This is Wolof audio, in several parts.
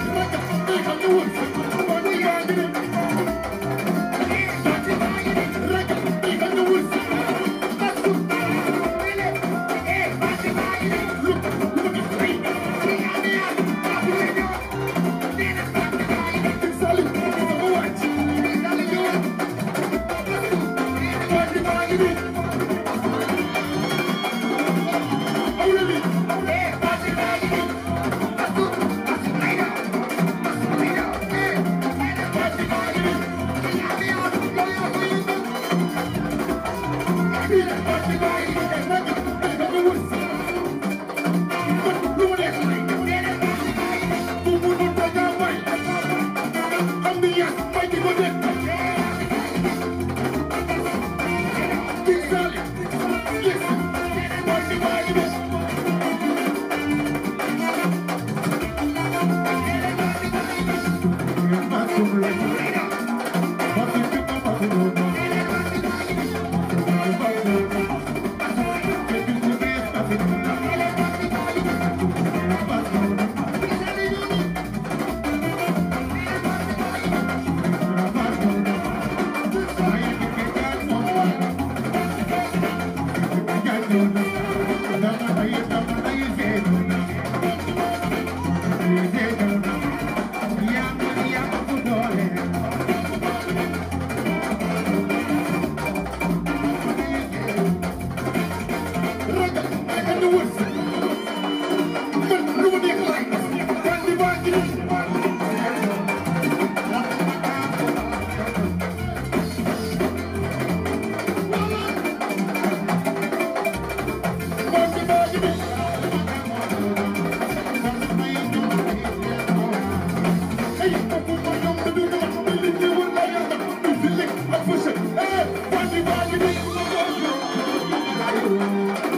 Thank you. Thank you. Everybody, everybody, everybody.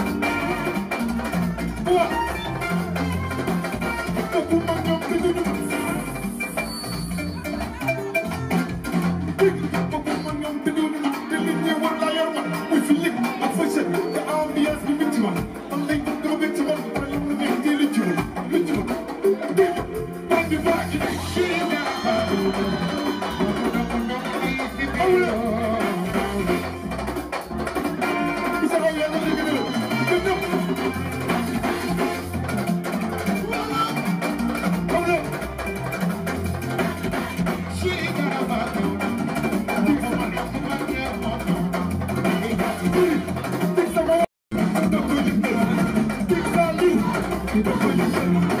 keep up with your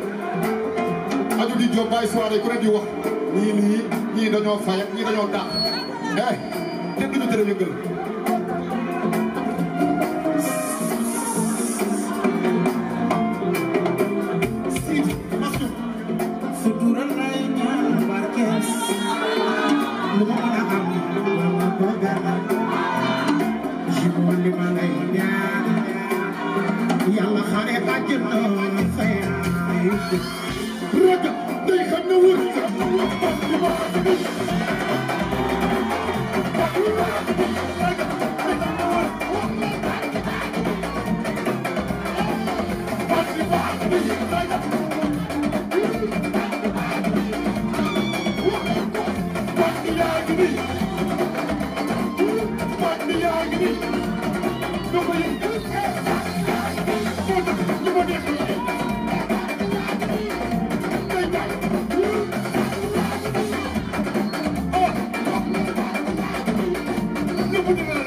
Diop bàyyi soirée ku ne di wax lii lii ñii dañoo fay ñii dañoo dàq eh kenn duñu tere yëngal Yalla xare ba jëndoon xeer ngi nii mag mi yaa ngi nii dafa yëg moo tax li ma def nii day baax ah ñëpp dina la leer man la Come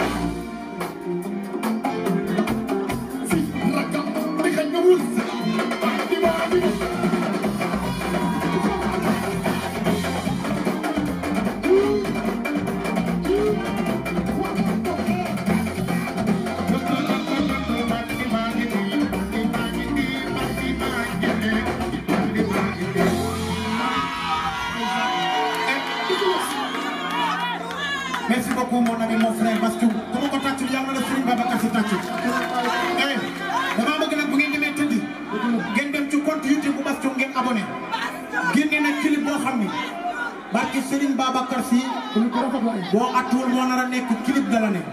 on. boo attuwul moo nar a nekk clip de l'année